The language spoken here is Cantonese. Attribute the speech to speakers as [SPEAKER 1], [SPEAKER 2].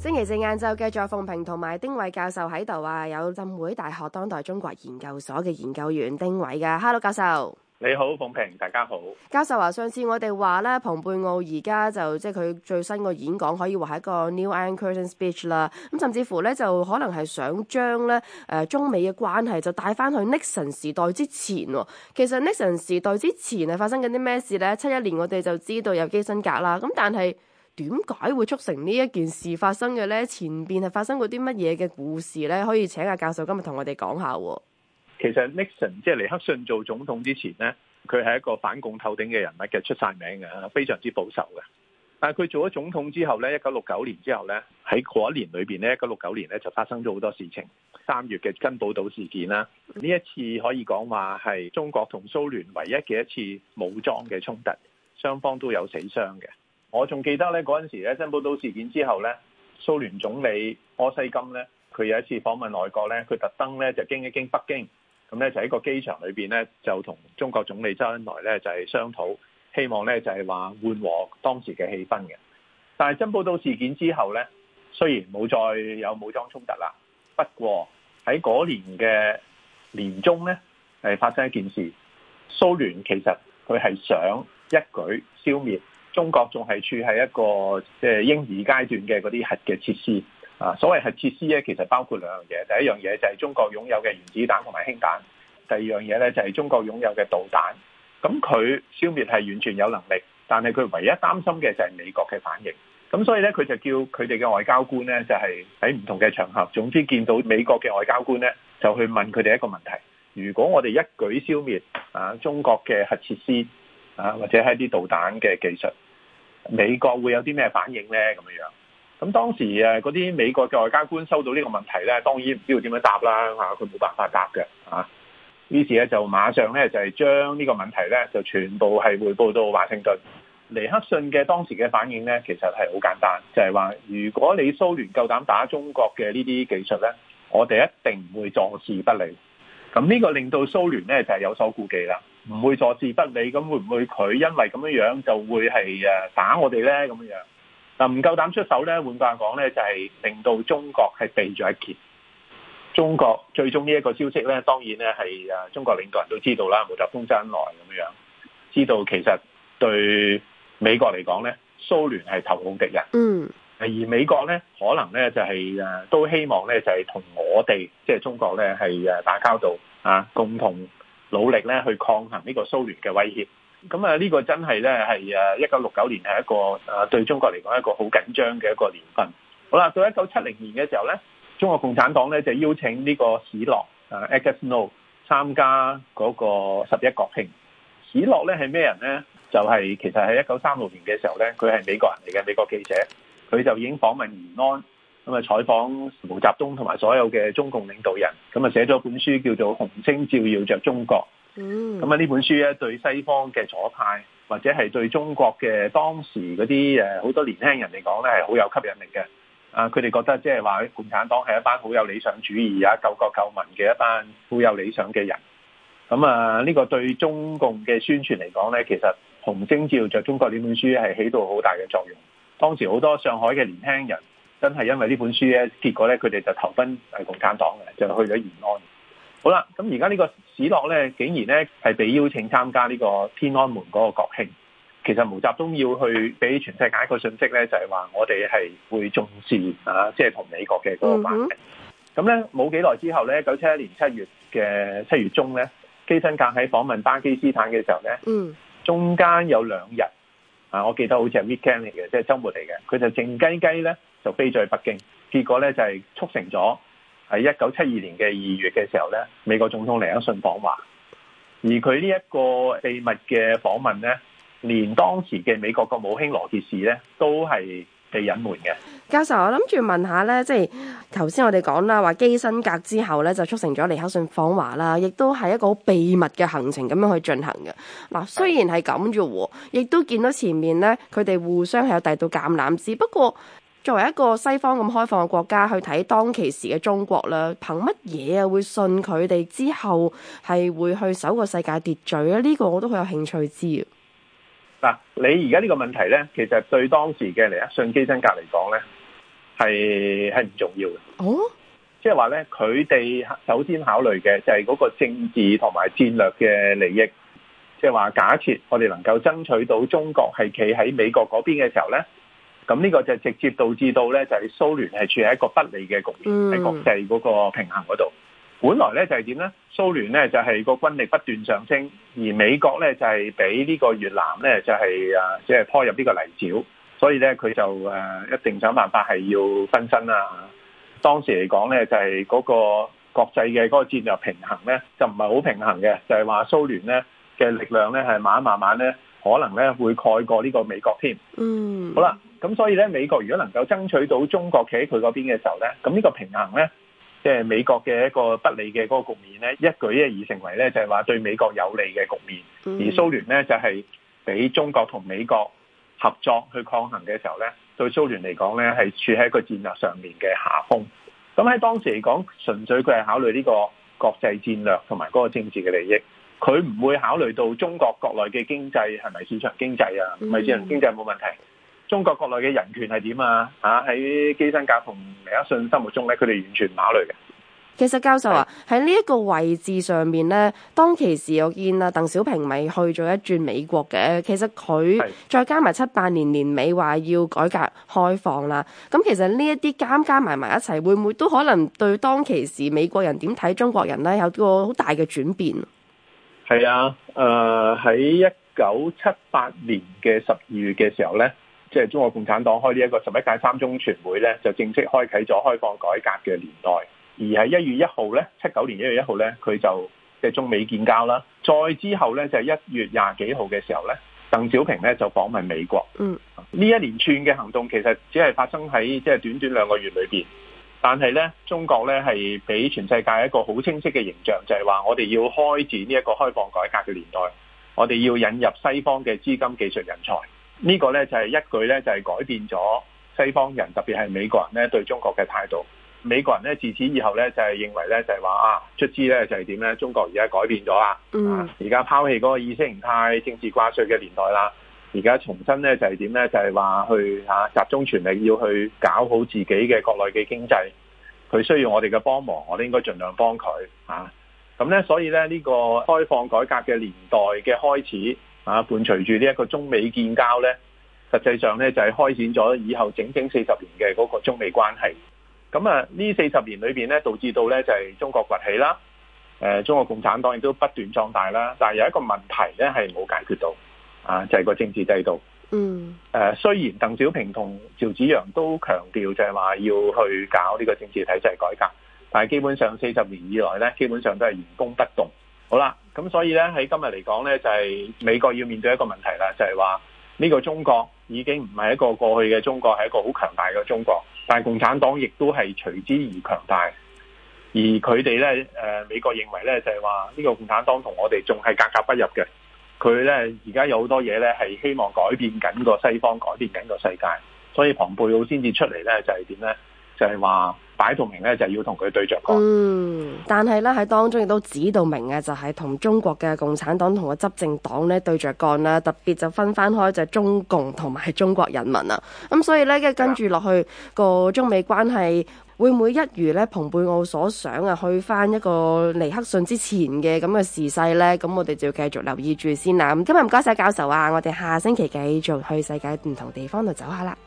[SPEAKER 1] 星期四晏晝繼續鳳平同埋丁偉教授喺度啊，有浸會大學當代中國研究所嘅研究員丁偉噶，Hello 教授，
[SPEAKER 2] 你好，鳳平，大家好。
[SPEAKER 1] 教授話上次我哋話咧，蓬佩奧而家就即係佢最新個演講，可以話係一個 New Iron Curtain Speech 啦。咁甚至乎咧就可能係想將咧誒中美嘅關係就帶翻去 Nixon 時代之前。其實 Nixon 時代之前係發生緊啲咩事咧？七一年我哋就知道有基辛格啦。咁但係。點解會促成呢一件事發生嘅呢？前邊係發生過啲乜嘢嘅故事呢？可以請阿教，教授今日同我哋講下喎。
[SPEAKER 2] 其實 Nixon，即係尼克森做總統之前呢，佢係一個反共透頂嘅人物嘅，出晒名嘅，非常之保守嘅。但係佢做咗總統之後呢，一九六九年之後呢，喺嗰一年裏邊呢，一九六九年呢，就發生咗好多事情。三月嘅珍寶島事件啦，呢一次可以講話係中國同蘇聯唯一嘅一次武裝嘅衝突，雙方都有死傷嘅。我仲記得咧嗰陣時咧，珍寶島事件之後咧，蘇聯總理柯西金咧，佢有一次訪問內國咧，佢特登咧就經一經北京，咁咧就喺個機場裏面咧，就同中國總理周恩來咧就係商討，希望咧就係話緩和當時嘅氣氛嘅。但係珍寶島事件之後咧，雖然冇再有武裝衝突啦，不過喺嗰年嘅年中咧，係發生一件事，蘇聯其實佢係想一舉消滅。中國仲係處喺一個即係嬰兒階段嘅嗰啲核嘅設施啊，所謂核設施咧，其實包括兩樣嘢，第一樣嘢就係中國擁有嘅原子彈同埋氫彈，第二樣嘢咧就係中國擁有嘅導彈。咁佢消滅係完全有能力，但係佢唯一擔心嘅就係美國嘅反應。咁所以咧，佢就叫佢哋嘅外交官咧，就係喺唔同嘅場合，總之見到美國嘅外交官咧，就去問佢哋一個問題：如果我哋一舉消滅啊中國嘅核設施？啊，或者係啲導彈嘅技術，美國會有啲咩反應呢？咁樣樣，咁當時誒嗰啲美國嘅外交官收到呢個問題呢，當然唔知道點樣答啦嚇，佢冇辦法答嘅嚇、啊。於是咧就馬上呢，就係將呢個問題呢，就全部係彙報到華盛頓。尼克遜嘅當時嘅反應呢，其實係好簡單，就係、是、話如果你蘇聯夠膽打中國嘅呢啲技術呢，我哋一定唔會坐視不理。咁呢個令到蘇聯呢，就係、是、有所顧忌啦。唔會坐視不理，咁會唔會佢因為咁樣樣就會係誒打我哋咧？咁樣樣嗱，唔夠膽出手咧，換句話講咧，就係、是、令到中國係避咗一劫。中國最終呢一個消息咧，當然咧係誒中國領導人都知道啦，毛澤東、周恩來咁樣，知道其實對美國嚟講咧，蘇聯係頭號敵人。嗯，而美國咧可能咧就係誒都希望咧就係同我哋即係中國咧係誒打交道啊，共同。努力咧去抗衡呢個蘇聯嘅威脅，咁啊呢個真係咧係誒一九六九年係一個誒對中國嚟講一個好緊張嘅一個年份。好啦，到一九七零年嘅時候咧，中國共產黨咧就邀請呢個史諾啊 Alex No 參加嗰個十一國慶。史諾咧係咩人咧？就係、係、其實喺一九三六年嘅時候咧，佢係美國人嚟嘅美國記者，佢就已經訪問延安，咁啊，採訪毛澤東同埋所有嘅中共領導人，咁啊寫咗本書叫做《紅星照耀着中國》。嗯。咁啊，呢本書咧對西方嘅左派或者係對中國嘅當時嗰啲誒好多年輕人嚟講咧係好有吸引力嘅。啊，佢哋覺得即係話共產黨係一班好有理想主義啊、救國救民嘅一班富有理想嘅人。咁啊，呢、這個對中共嘅宣傳嚟講咧，其實《紅星照耀着中國》呢本書係起到好大嘅作用。當時好多上海嘅年輕人。真係因為呢本書咧，結果咧佢哋就投奔共產黨嘅，就去咗延安。好啦，咁而家呢個史諾咧，竟然咧係被邀請參加呢個天安門嗰個國慶。其實毛澤東要去俾全世界一個訊息咧，就係話我哋係會重視啊，即係同美國嘅嗰個關係。咁咧冇幾耐之後咧，九七一年七月嘅七月中咧，基辛格喺訪問巴基斯坦嘅時候咧，嗯、中間有兩日。啊！我記得好似係 Weekend 嚟嘅，即係周末嚟嘅。佢就靜雞雞咧，就飛咗去北京。結果咧就係促成咗，喺一九七二年嘅二月嘅時候咧，美國總統尼克遜訪華。而佢呢一個秘密嘅訪問咧，連當時嘅美國國務卿羅傑斯咧，都係被隱瞞嘅。
[SPEAKER 1] 教授，我諗住問下咧，即係。頭先我哋講啦，話基辛格之後咧就促成咗尼克遜訪華啦，亦都係一個好秘密嘅行程咁樣去進行嘅。嗱，雖然係咁喎，亦都見到前面咧，佢哋互相係有遞到橄欖枝。不過作為一個西方咁開放嘅國家去睇當其時嘅中國啦，憑乜嘢啊會信佢哋之後係會去首個世界秩序咧？呢個我都好有興趣知。
[SPEAKER 2] 嗱，你而家呢個問題咧，其實對當時嘅尼克遜基辛格嚟講咧。係係唔重要嘅，Oh? 即係話咧，佢哋首先考慮嘅就係嗰個政治同埋戰略嘅利益。即係話假設我哋能夠爭取到中國係企喺美國嗰邊嘅時候咧，咁呢個就直接導致到咧就係蘇聯係處喺一個不利嘅局面喺、Mm. 國際嗰個平衡嗰度。本來咧就係點咧，蘇聯咧就係、是、個軍力不斷上升，而美國咧就係俾呢個越南咧就係、是、啊即係、就是、拖入呢個泥沼。所以咧，佢就誒一定想辦法係要分身啦。當時嚟講咧，就係嗰個國際嘅嗰個戰略平衡咧，就唔係好平衡嘅，就係話蘇聯咧嘅力量咧係慢慢、慢慢咧，可能咧會蓋過呢個美國添。嗯。好啦，咁所以咧，美國如果能夠爭取到中國企喺佢嗰邊嘅時候咧，咁呢個平衡咧，即係美國嘅一個不利嘅嗰個局面咧，一舉一而成為咧就係話對美國有利嘅局面，而蘇聯咧就係俾中國同美國，合作去抗衡嘅時候呢，對蘇聯嚟講呢，係處喺一個戰略上面嘅下風。咁喺當時嚟講，純粹佢係考慮呢個國際戰略同埋嗰個政治嘅利益，佢唔會考慮到中國國內嘅經濟係咪市場經濟啊？唔係、嗯、市場經濟冇問題。中國國內嘅人權係點啊？嚇喺基辛格同尼克遜心目中呢，佢哋完全唔考慮嘅。
[SPEAKER 1] 其實教授啊，喺呢一個位置上面呢，當其時我見啊，鄧小平咪去咗一轉美國嘅。其實佢再加埋七八年年尾話要改革開放啦。咁其實呢一啲加加埋埋一齊，會唔會都可能對當其時美國人點睇中國人呢，有個好大嘅轉變？
[SPEAKER 2] 係啊，誒喺一九七八年嘅十二月嘅時候呢，即係中國共產黨開呢一個十一屆三中全會呢，就正式開啟咗開放改革嘅年代。而喺一月一號咧，七九年一月一號咧，佢就即係中美建交啦。再之後咧，就係一月廿幾號嘅時候咧，鄧小平咧就訪問美國。嗯，呢一連串嘅行動其實只係發生喺即係短短兩個月裏邊。但係咧，中國咧係俾全世界一個好清晰嘅形象，就係話我哋要開展呢一個開放改革嘅年代，我哋要引入西方嘅資金、技術、人才。呢個咧就係一舉咧，就係改變咗西方人，特別係美國人咧對中國嘅態度。美國人咧自此以後咧就係認為咧就係話啊，出資咧就係點咧？中國而家改變咗啊，而家、嗯、拋棄嗰個意識形態政治掛帥嘅年代啦，而家重新咧就係點咧？就係、是、話去嚇集中全力要去搞好自己嘅國內嘅經濟，佢需要我哋嘅幫忙，我哋應該盡量幫佢嚇。咁咧，所以咧呢個開放改革嘅年代嘅開始啊，伴隨住呢一個中美建交咧，實際上咧就係開展咗以後整整四十年嘅嗰個中美關係。咁啊，呢四十年裏邊咧，導致到咧就係中國崛起啦，誒，中國共產黨亦都不斷壯大啦，但係有一個問題咧係冇解決到，啊，就係、是、個政治制度。嗯。誒，雖然鄧小平同趙紫陽都強調就係話要去搞呢個政治體制改革，但係基本上四十年以來咧，基本上都係原封不動。好啦，咁所以咧喺今日嚟講咧，就係美國要面對一個問題啦，就係話呢個中國已經唔係一個過去嘅中國，係一個好強大嘅中國。但係共產黨亦都係隨之而強大，而佢哋咧，誒美國認為咧，就係話呢個共產黨同我哋仲係格格不入嘅，佢咧而家有好多嘢咧係希望改變緊個西方，改變緊個世界，所以蓬佩奧先至出嚟咧，就係點咧，就係話。擺到明咧，就係要同佢對着幹。
[SPEAKER 1] 嗯，但係咧喺當中亦都指到明嘅，就係同中國嘅共產黨同個執政黨咧對着幹啦。特別就分翻開就係中共同埋中國人民啊。咁、嗯、所以咧，跟住落去個中美關係會唔會一如咧蓬佩奧所想啊，去翻一個尼克遜之前嘅咁嘅時勢咧？咁我哋就要繼續留意住先啦。咁今日唔該晒教授啊，我哋下星期繼續去世界唔同地方度走下啦。